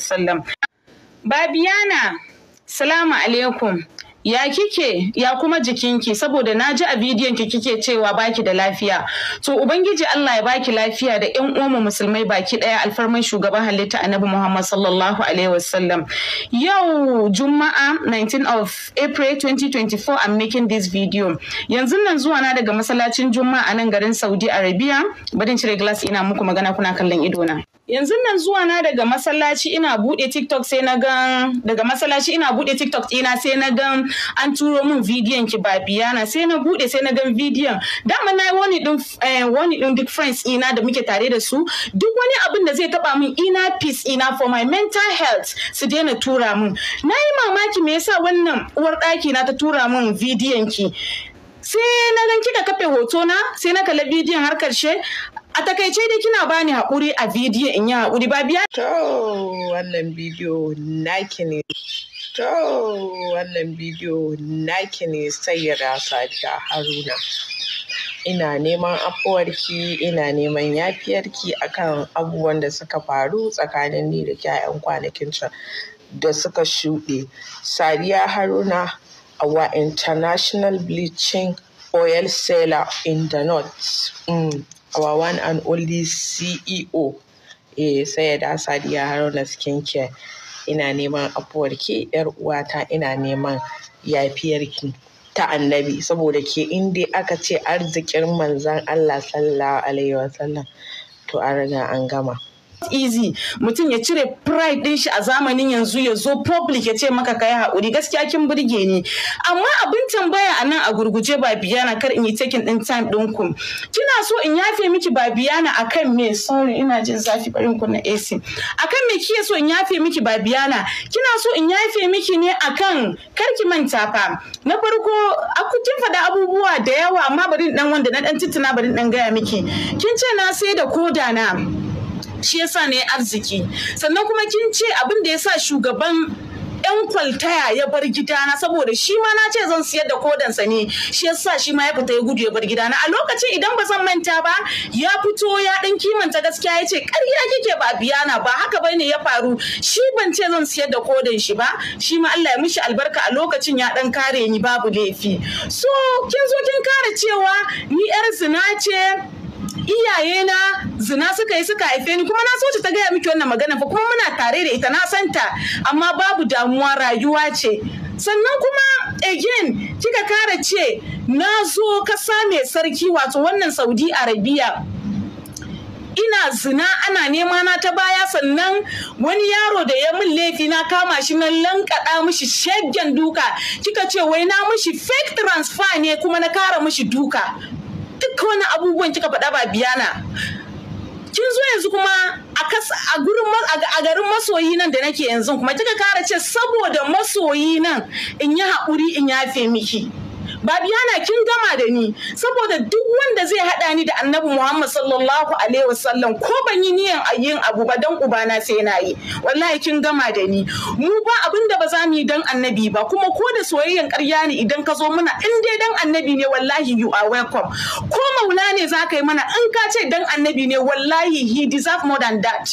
sallam. Babiyana, salamu alaikum. ya kike ya kuma jikinki saboda na ji a bidiyon ki kike cewa baki da lafiya to ubangiji Allah ya baki lafiya da yan uwanmu musulmai baki daya alfarman shugaban halitta annabi Muhammad sallallahu alaihi wasallam yau juma'a 19 of April 2024 I'm making this video yanzu nan zuwa na daga masallacin juma'a nan garin Saudi Arabia barin cire glass ina muku magana kuna kallon ido na. yanzu nan zuwa na daga masallaci ina bude TikTok sai na gan daga masallaci ina bude TikTok ina sai na gan an turo min bidiyon ki ba biyana sai na bude sai na gan bidiyon dama na wani din eh, wani din duk friends ina da muke tare da su duk wani abin da zai taba min ina peace ina for my mental health su daina tura min na yi mamaki me yasa wannan uwar ɗaki na ta tura min bidiyon ki sai na gan kika kafe hoto na sai na kalla bidiyon har karshe a takaice dai kina bani hakuri a bidiyo in yi hakuri ba biya. To wannan bidiyo naki ne. To wannan bidiyo naki ne sayyara Sadiya Haruna. Ina neman afuwarki, ina neman yafiyarki akan abubuwan da suka faru tsakanin ni da kyayan kwanakin can da suka shuɗe. Sadiya Haruna awa international bleaching oil seller in the north. Mm. Our one and only CEO. Eh, sayyada Sadiya Haruna skincare. ina neman afuwarki yar uwata ina neman yafiyarki ta annabi saboda ke in aka ce arzikin manzon Allah sallallahu alaihi wasallam to an riga an gama easy mutum ya cire pride din shi a zamanin yanzu ya zo public ya ce maka kai haƙuri gaskiya kin burge ni amma abin tambaya a nan a gurguje ba biyana kar in yi taking din time din ku kina so in yafe miki ba biyana akan me sorry ina jin zafi barin ku na AC akan me kike so in yafe miki ba biyana kina so in yafe miki ne akan kar ki manta fa na farko aku kin faɗa abubuwa da yawa amma bari dan wanda na dan tituna bari dan gaya miki kin ce na sai da koda na shi yasa ne arziki sannan kuma kin ce abin da yasa shugaban yan kwaltaya ya bar gidana saboda shi ma na ce zan siyar da kodansa ne shi yasa shi ma ya fita ya gudu ya bar gidana a lokacin idan ba zan manta ba ya fito ya dan kimanta gaskiya ya ce ƙarya kike ba biyana ba haka ne ya faru shi ban ce zan siyar da kodan shi ba shi ma Allah ya mishi albarka a lokacin ya dan kare ni babu laifi so kin zo kin kare cewa ni yar zina ce iyayena zina suka yi suka haife ni kuma na so ta gaya miki wannan magana fa kuma muna tare da ita na santa amma babu damuwa rayuwa ce sannan kuma again kika kara ce na zo kasa mai sarki wato wannan saudi arabia ina zina ana nema na ta baya sannan wani yaro da ya min laifi na kama shi na lankaɗa mishi shaggen duka kika ce wai na mishi fake transfer ne kuma na kara mishi duka duk wani abubuwan kika faɗa ba biya na? kin zo yanzu kuma a gurin a garin masoyi nan da nake yanzu kuma kika kara ce saboda masoyi nan in yi haƙuri in yafe miki babiyana kin gama da ni saboda duk wanda zai haɗa ni da annabi muhammad sallallahu alaihi wasallam ko ban yi niyan yin abu ba dan ubana sai na yi wallahi kin gama da ni mu ba abin da ba za mu yi dan annabi ba kuma ko da soyayyen ƙarya ne idan ka zo muna in dai dan annabi ne wallahi you are welcome ko maula ne za ka yi mana in ka ce dan annabi ne wallahi he deserve more than that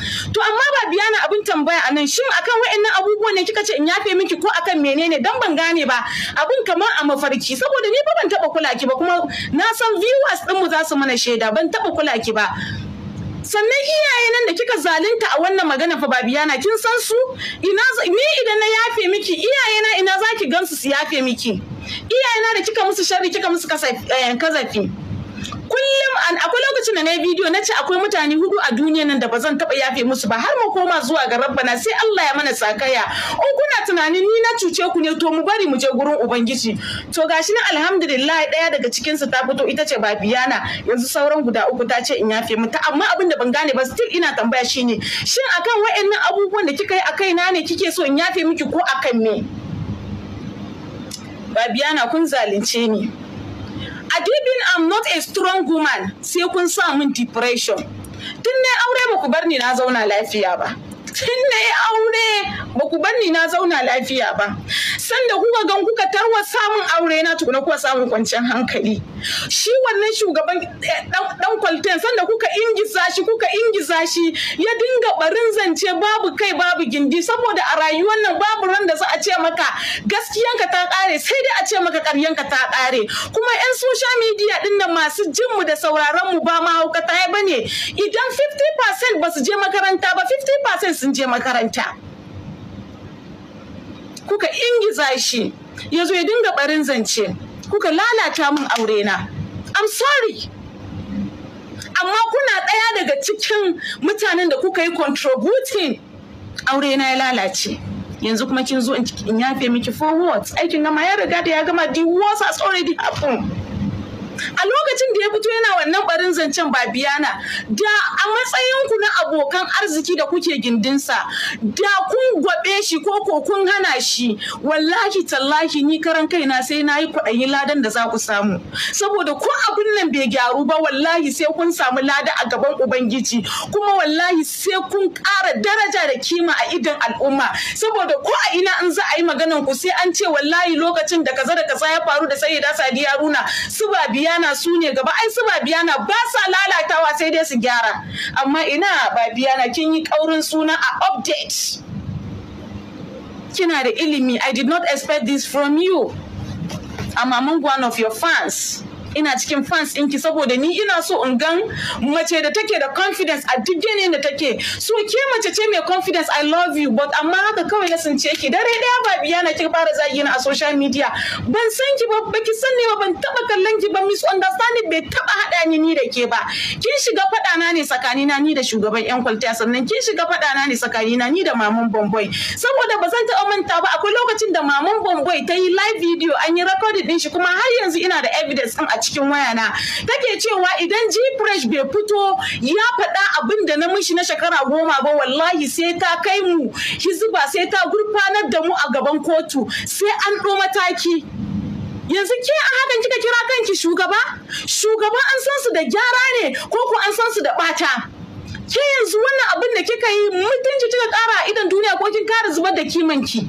to amma ba biya na abin tambaya a nan shin akan wa'annan abubuwan ne kika ce in yafe miki ko akan menene dan ban gane ba abin kamar a mafarki saboda ni ba ban taba kula ki ba kuma na san viewers din mu za su mana shaida ban taba kula ki ba sannan iyaye nan da kika zalunta a wannan magana fa babiyana kin san su ina ni idan na yafe miki iyaye na ina zaki gansu su yafe miki iyaye na da kika musu sharri kika musu kasafi eh, kullum akwai lokacin da na bidiyo na ce akwai mutane hudu a duniya nan da ba zan taba yafe musu ba har mu koma zuwa ga rabbana sai Allah ya mana sakaya in kuna tunanin ni na cuce ku ne to mu bari mu je gurin ubangiji to gashi na alhamdulillah daya daga cikin su ta fito ita ce babiyana yanzu sauran guda uku ta ce in yafe mu ta amma abin da ban gane ba still ina tambaya ne. shin akan wa'annan abubuwan da kika yi a na ne kike so in yafe miki ko akan me babiyana kun zalunce ni a dibin am not a strong woman sai kun sa min depression tun na aure ba ku bar ni na zauna lafiya ba tun na aure ba ku bar ni na zauna lafiya ba sanda kuka gan kuka tarwa samun aure na tukuna kuwa samun kwanciyar hankali shi wannan shugaban eh, dan kwalten sanda kuka ingiza shi kuka ingiza shi ya dinga barin zance babu kai babu gindi saboda a rayuwar nan babu ran da za a ce maka gaskiyanka ta kare sai dai a ce maka karyanka ta kare kuma yan social media din nan masu jin mu da sauraron mu ba ma mahaukata ya bane idan 50% ba su je makaranta ba 50% sun je makaranta kuka ingiza shi ya ya dinga barin zance kuka lalata min aure na I'm sorry amma kuna ɗaya daga cikin mutanen da kuka yi contributing Aurena ya lalace yanzu kuma kin zo in yafe miki forward. aikin gama ya riga da ya gama the worst has already happened a lokacin da ya fito yana wannan barin zancen ba biyana da a matsayin ku na abokan arziki da kuke gindinsa da kun gwabe shi ko ko kun hana shi wallahi tallahi ni karan kaina sai na yi kuɗin ladan da za ku samu saboda ko abin nan bai gyaru ba wallahi sai kun samu lada a gaban ubangiji kuma wallahi sai kun ƙara daraja da kima a idan al'umma saboda ko a ina in za a yi maganan ku sai an ce wallahi lokacin da kaza da kaza ya faru da sayyida sadiya runa su ba biya babiyana su ne gaba ai su babiyana ba sa lalatawa sai dai su gyara amma ina babiyana kin yi kaurin suna a update kina da ilimi i did not expect this from you i'm among one of your fans ina cikin fans ɗinki saboda ni ina so in gan mace da take da confidence a duk yanayin da take so ke mace ce mai confidence I love you but amma haka kawai na sun ce ki dare ɗaya ba biya na ki fara zagi na a social media ban san ki ba baki san ne ba ban taba kallon ki ba misunderstanding bai taba haɗa ni ni da ke ba kin shiga faɗa na ne tsakanina ni da shugaban yan kwalta sannan kin shiga faɗa na ne tsakanina ni da maman bomboy saboda ba zan taɓa manta ba akwai lokacin da maman bomboy ta yi live video an yi recording din shi kuma har yanzu ina da evidence din a cikin wayana take cewa idan G fresh bai fito ya faɗa abin da na mishi na shekara goma ba wallahi sai ta kai mu hizba sai ta gurfanar da mu a gaban kotu sai an ɗo mataki yanzu ke a hakan kika kira kanki shugaba shugaba an san su da gyara ne ko ko an san su da bata ke yanzu wannan abin da kika yi mutunci kika kara a idan duniya ko kin kara zubar da kimanki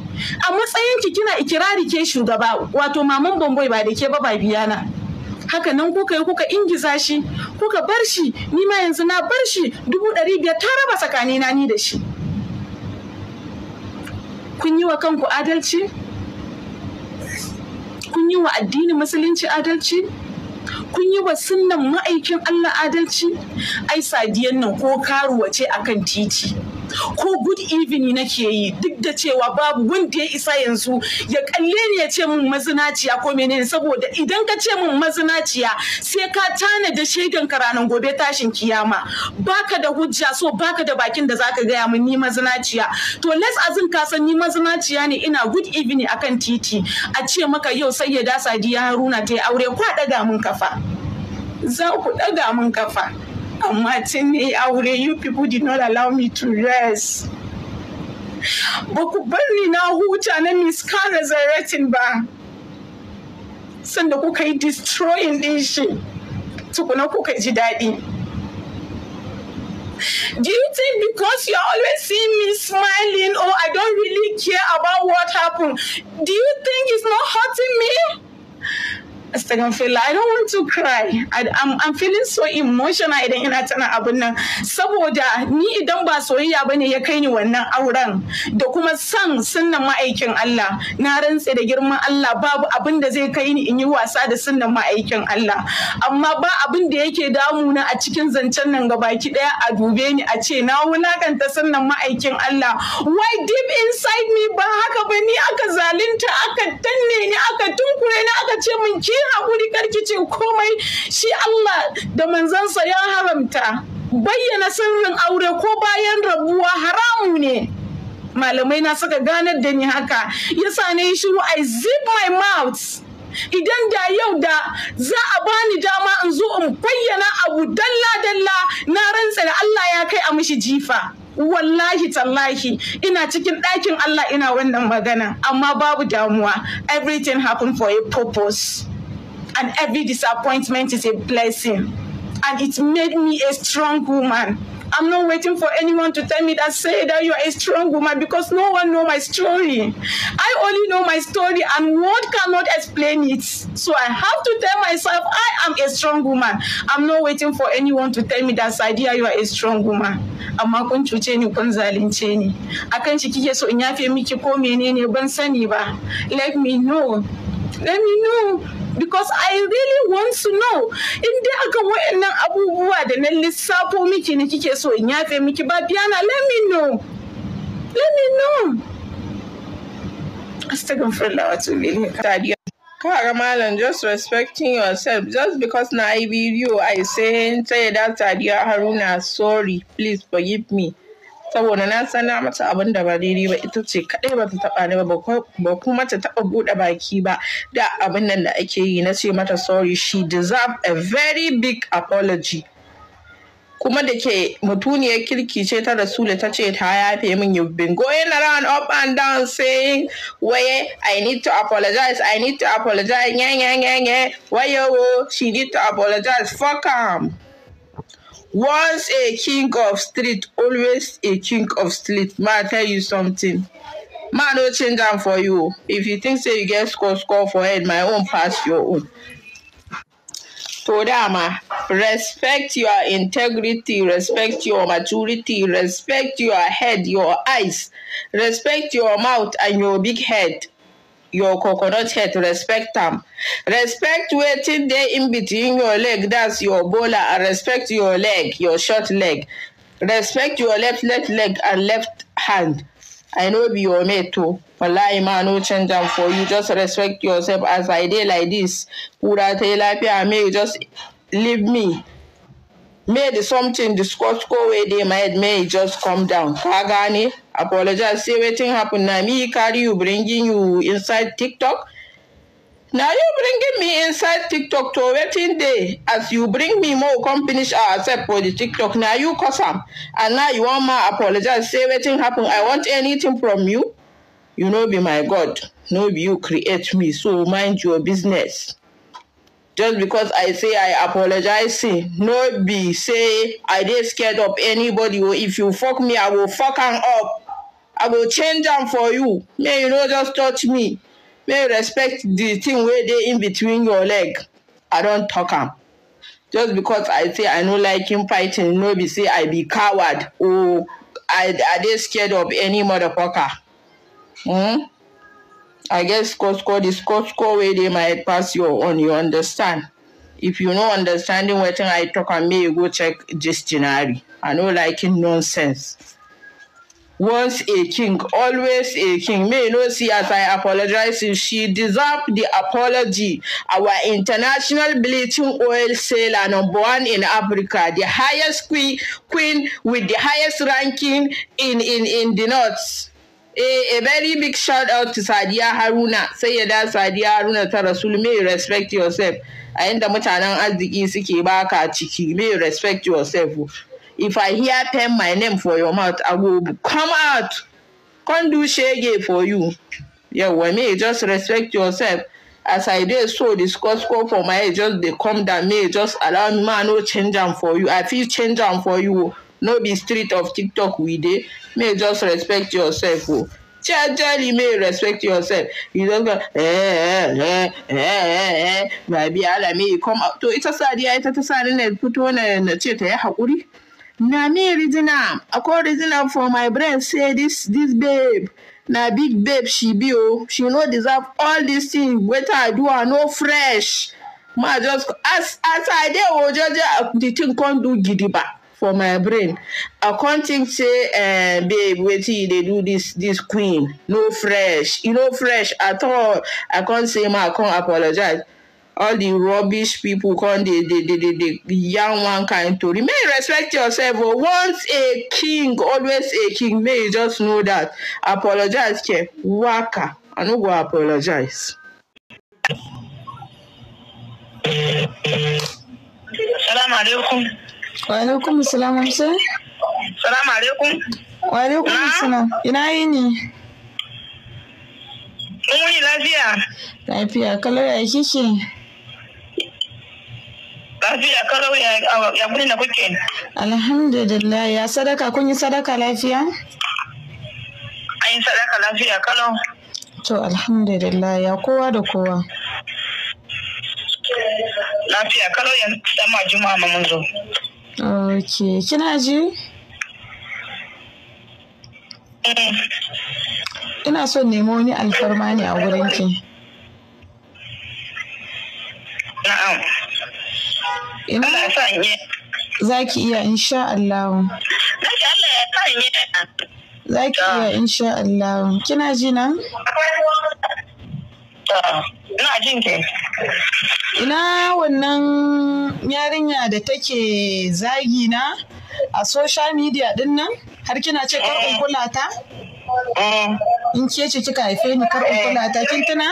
a matsayinki kina ikirari ke shugaba wato maman bamboi ba da ke ba ba biyana haka nan kuka yi kuka ingiza shi kuka bar shi ni ma yanzu na bar shi dubu ɗari biyar ta raba tsakanina ni da shi kun yi wa kanku adalci kun yi wa addinin musulunci adalci kun yi wa sunnan ma'aikin Allah adalci ai sadiyan nan ko karuwa ce akan titi ko good evening nake yi duk da cewa babu wanda ya isa yanzu ya kalle ni ya ce min mazinaciya ko menene saboda idan ka ce min mazinaciya sai ka tana da shaidan karanan gobe tashin kiyama baka da hujja so baka da bakin da zaka gaya min ni mazinaciya to let's azin ka san ni mazinaciya ne ina good evening akan titi a ce maka yau sai ya dasa haruna ta aure kwa daga min kafa za ku daga min kafa and Martini, I would you people did not allow me to rest. Ba ku bar ni na huta na miska resurrecting ba. Sanda kuka yi destroying din shi, tukuna kuka ji daɗi. Do you think because you're always seeing me smiling, oh, I don't really care about what happened? Do you think it's not hurting me? Astaghfirullah, I don't want to cry. I, am I'm feeling so emotional idan ina tana abin nan. Saboda ni idan ba soyayya bane ya kai ni wannan auren da kuma san sunnan ma'aikin Allah. Na rantse da girman Allah babu abin da zai kai ni in yi wasa da sunnan ma'aikin Allah. Amma ba abin da yake damuna a cikin zancen nan gabaki daya a dube ni a ce na wulakanta sunnan ma'aikin Allah. Why deep inside me ba haka ba ni aka zalunta aka danne ni aka tunkure ni aka ce min ki hakuri karki ce komai shi Allah da manzansa ya haramta bayyana sirrin aure ko bayan rabuwa haramu ne malamai na saka ganar da ni haka yasa ne shiru I zip my mouth idan da yau da za a bani dama in zo in bayyana abu dalla-dalla na rantsa da Allah ya kai a mishi jifa. Wallahi tallahi ina cikin ɗakin Allah ina wannan magana amma babu damuwa everything happen for a purpose. and every disappointment is a blessing. And it made me a strong woman. I'm not waiting for anyone to tell me that say that you're a strong woman because no one know my story. I only know my story and word cannot explain it. So I have to tell myself I am a strong woman. I'm not waiting for anyone to tell me that that you are a strong woman. Amma kun cuce ni kun zalunce ni. Akan shi kike so in yafe miki ko menene ban sani ba. Let me know. Let me know. because I really want to know in dai aka wayannan abubuwa da na lissafo miki ne kike so in yafe miki ba biyana let me know let me know astagfirullah wa tubi tadiya kara malam just respecting yourself just because na i be you i say taya da tadiya haruna sorry please forgive me saboda na sana mata abin da ba daidai ba ita ce kaɗai ba ta taɓa ni ba ba kuma ta taɓa buɗe baki ba da abin nan da ake yi na ce mata sorry she deserve a very big apology kuma da ke mutuniyar kirki ce ta rasulu ta ce ta yafe min you've been going around up and down saying waye i need to apologize i need to apologize nye nye nye nye wayo oh, oh, she need to apologize fuck am Once a king of street, always a king of street. Ma, I tell you something? Man, no change am for you. If you think say you get score score for head, my own pass your own. Todama, respect your integrity, respect your maturity, respect your head, your eyes, respect your mouth and your big head. your coconut head respect am respect wetin dey in between your leg that's your bowler and respect your leg your short leg respect your left left leg and left hand i no be your mate o oh. wallahi ma no change am for you just respect yourself as i dey like this kura ta lafiya may you just leave me may the something discussed ko wey dey might may just come down kagani gane apologize say wetin happen na me carry you bringing you inside tiktok na you bringing me inside tiktok to wetin dey as you bring me more come finish our set for the tiktok na you cause am and now you wan my apologize say wetin happen i want anything from you you no be my god no be you create me so mind your business just because i say i apologize see, no be say i dey scared of anybody o oh, if you fuck me i will fuck him up i will change him for you make you no just touch me make you respect the thing where they in between your leg i don't talk him. just because i say i no like him fighting no be say i be coward or oh, i i dey scared of any motherfucker. Mm? I guess score score the score score wey they might pass your own you understand. If you no understanding what I talk am me, you go check dictionary. I know liking nonsense. Once a king, always a king. May you know see as I apologize if she deserve the apology. Our international bleaching oil sailor number one in Africa, the highest queen, queen with the highest ranking in in in the north. a, eh, a very big shout out to Sadiya Haruna da Sadiya Haruna ta Rasul may respect yourself a yanda mutanen arziki suke baka ciki may respect yourself if I hear pen my name for your mouth I go come out come do shege for you yawa may just respect yourself as I dey so score go for my head just dey come down may just allow me ma no change am for you I fit change am for you no be street of tiktok we dey may just respect yourself o oh. jejely may respect yourself you just go eh eh eh eh babi ala me come out to ita sadiya ita ta sa na fito na ce ta yi haƙuri na me reason am akwai reason for my brain say this this babe na big babe she be o oh. she no deserve all dis things wetin i do i no fresh ma just as as i dey ojoje oh, the thing come do gidigba for my brain i can't think say eh babe wetin you dey do this, this queen no fresh e no fresh at all i can't say ma i can't apologize. all the rubbish people, the, the, the, the, the young one kind to. make respect yourself oh. once a king always a king May you just know that. Apologize, ke waka i no go apologize. Salam alaikum. Wa alaikum salam Hamsa. Salamu alaikum. Wa alaikum salam. Ina yi ne? Mun wani lafiya. Lafiya kalau ya kike? Lafiya kalau ya gudun da kuke. Alhamdulillah ya sadaka kun yi sadaka lafiya? An yi sadaka lafiya kalau. To alhamdulillah ya kowa da kowa. lafiya kalau yanzu sama juma'a mun zo barke kina ji? Ina son nemo wani alfarma ne a wurinki. ki. Ina za ki iya insha Allah. Za ki iya insha Allah. Kina ji nan? Ina jin ke. ina wannan yarinya da take zagi na a social media din nan har kina ce kar kula ta eh. in ke ce kika haife ni kar kula ta kin tuna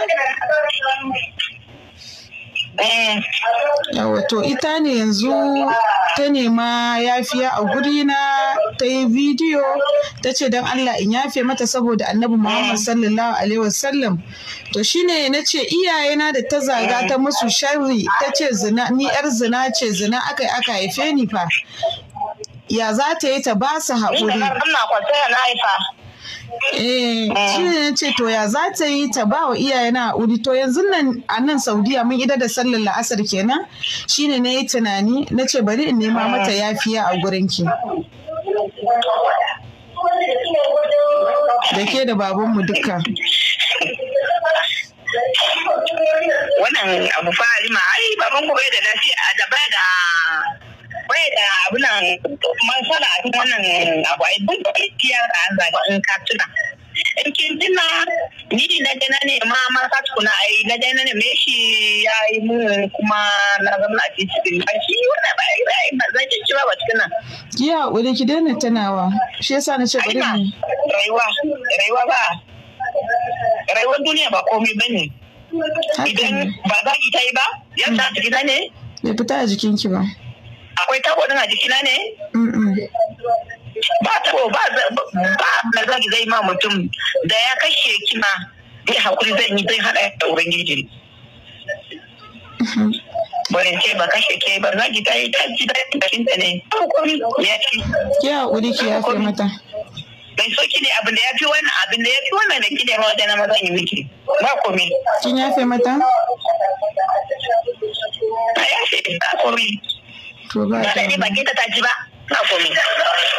eh. yawa to ita ne yanzu ta nema yafiya a guri na ta yi bidiyo ta ce don Allah in yafe mata saboda annabi Muhammad mm. sallallahu alaihi wasallam to shine na ce iyayena da ta zaga ta musu sharri ta ce zina ni yar zina ce zina aka aka haife ni fa ya za ta yi ta ba su haƙuri Eh, mm. shi ne ce to ya za ta yi ta ba wa iyaye na haƙuri to yanzu nan a nan Saudiya mun ida da sallar la'asar kenan shine na yi tunani na ce bari in nema mata yafiya a gurin ki. Da ke da babanmu dukka. Wannan abu fari ma ai baban ku bai da lafiya da bai da bai da abunan man sana a cikin wannan abu ai duk da gaskiya da an zaga in ka tuna. in kin tuna ni na je na ne ma masa tukuna ai na je na ne me shi ya yi mun kuma na zama a cikin ba shi wannan ba ai ba zan ci ba ba tukuna ya wani ki daina tanawa? shi yasa na ce bari mu rayuwa rayuwa ba rayuwar duniya ba komai bane idan ba za ki ta yi ba yadda ta gida ne bai fita a jikinki ba akwai tabo din a jikina ne ba tabo ba ba ba da zai ma mutum da ya kashe kima zai hakuri zai yi zai hada da ubangiji mhm. barin ce ba kashe ke ba za ki ta yi ta ji daɗin bakin ta ne ya ci ki haƙuri ki ya fi mata mai soki ne abin da ya fi wannan abin da ya fi wannan da ki da ma wajen maza yi miki ba komi kin ya fi mata ba ya fi ba komi ba da ne bakin ta ta ji ba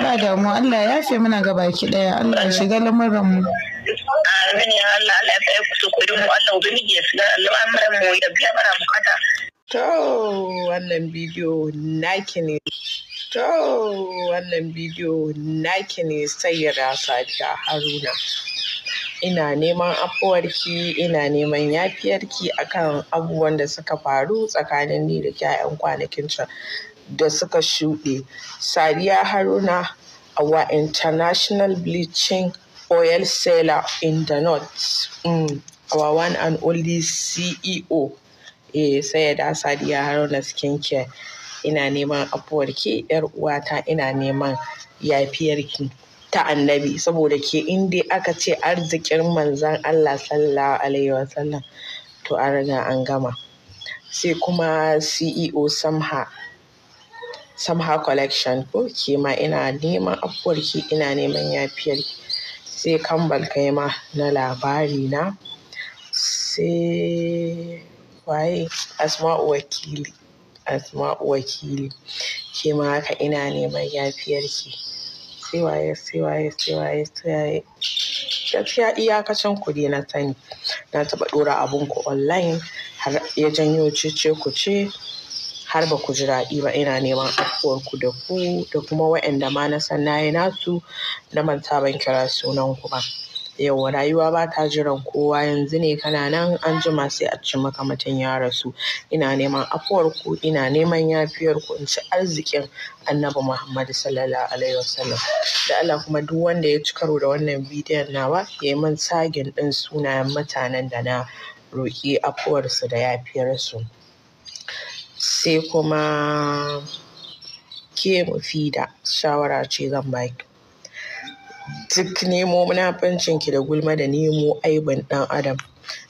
Ba damu Allah ya fi muna ga baki daya Allah shiga lamuran mu. Amin ya Allah Allah ya kusa kudin mu Allah ubangiji ya shiga lamuran mu ya biya mara bukata. To wannan bidiyo naki ne. To wannan bidiyo naki ne sayyara Sadiya Haruna. Ina neman afuwarki, ina neman yafiyarki akan abubuwan da suka faru tsakanin ni da 'ya'yan kwanakin can. da suka shuɗe. Sadiya Haruna wa international bleaching oil seller in the north. Mm. Our one and only CEO. Eh, da Sadiya Haruna Skincare. Ina neman afuwarki, ‘yar uwata ina neman yafiyarki ta annabi, saboda ke inda aka ce arzikin manzan Allah sallallahu Alaihi wasallam to an riga an gama. Sai kuma CEO Samha somehow collection ko ke ma ina neman afuwarki ina neman yafiyarki sai kambal kai ma na labari na sai waye asma'u wakili asma'u wakili ke ma haka ina neman yafiyarki sai waye sai waye sai waye sai waye gaskiya iyakacin kuɗi na sani na taɓa ɗora abun ku online har ya janyo cece ku ce har ba ku ji daɗi ba ina neman afuwar ku da ku da kuma waɗanda ma na san nayi nasu na manta ban kira sunan ku ba yauwa rayuwa ba ta jiran kowa yanzu ne kana nan an sai a ci maka mutum ya rasu ina neman afuwar ku ina neman yafiyar ku in ci arzikin annabi Muhammadu sallallahu alaihi wasallam da allah kuma duk wanda ya ci karo da wannan bidiyon nawa ya yi min sagin ɗin sunayen mutanen da na roƙi afuwarsu da yafiyarsu sai kuma ke mu da shawara ce zan baki duk nemo munafincin ki da gulma da nemo aibin ɗan adam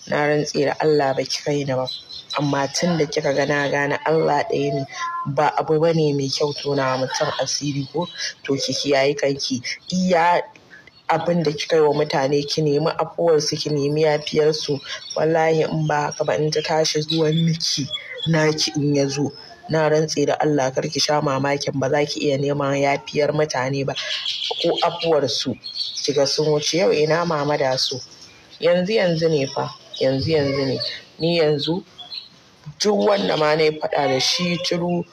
na rantse da Allah ba ki kai ni ba amma tun da kika gana gane Allah ɗaya ne ba abu bane mai kyau tona mutum asiri ko to ki kiyaye kanki iya abin da kika yi wa mutane ki nemi afuwarsu ki nemi yafiyarsu wallahi in ba haka ba in ta tashi zuwan miki naki in ya zo na rantse da Allah kar ki sha mamakin ba za ki iya neman yafiyar mutane ba ko afuwarsu kiga sun wuce yau ina mama da su yanzu yanzu ne fa yanzu yanzu ne ni yanzu duk wanda ma na faɗa da shi turu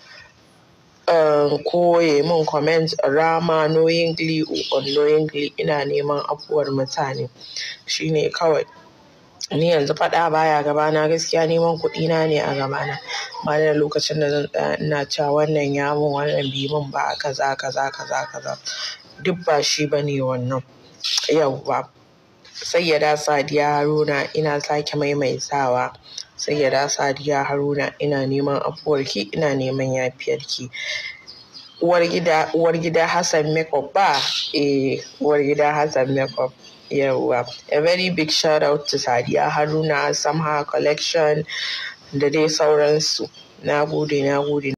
Um, ko ya min comment rama knowingly or unknowingly ina neman abuwar mutane shine kawai ni yanzu faɗa baya gabana gaskiya neman kuɗina ne a gabana ba da lokacin da zan tsaya ina cewa wannan ya mun wannan bi mun ba kaza kaza kaza kaza duk ba shi bane wannan ba. sai ya sadiya haruna ina sake maimaitawa Sai Sayyada Sadiya Haruna ina neman afuwarki ina neman yafiyarki. Uwar gida Hassan Makeup ba eh uwar gida Hassan Makeup yawwa. A very big shout out to Sadiya Haruna Samha Collection da dai sauransu. Na gode, na gode.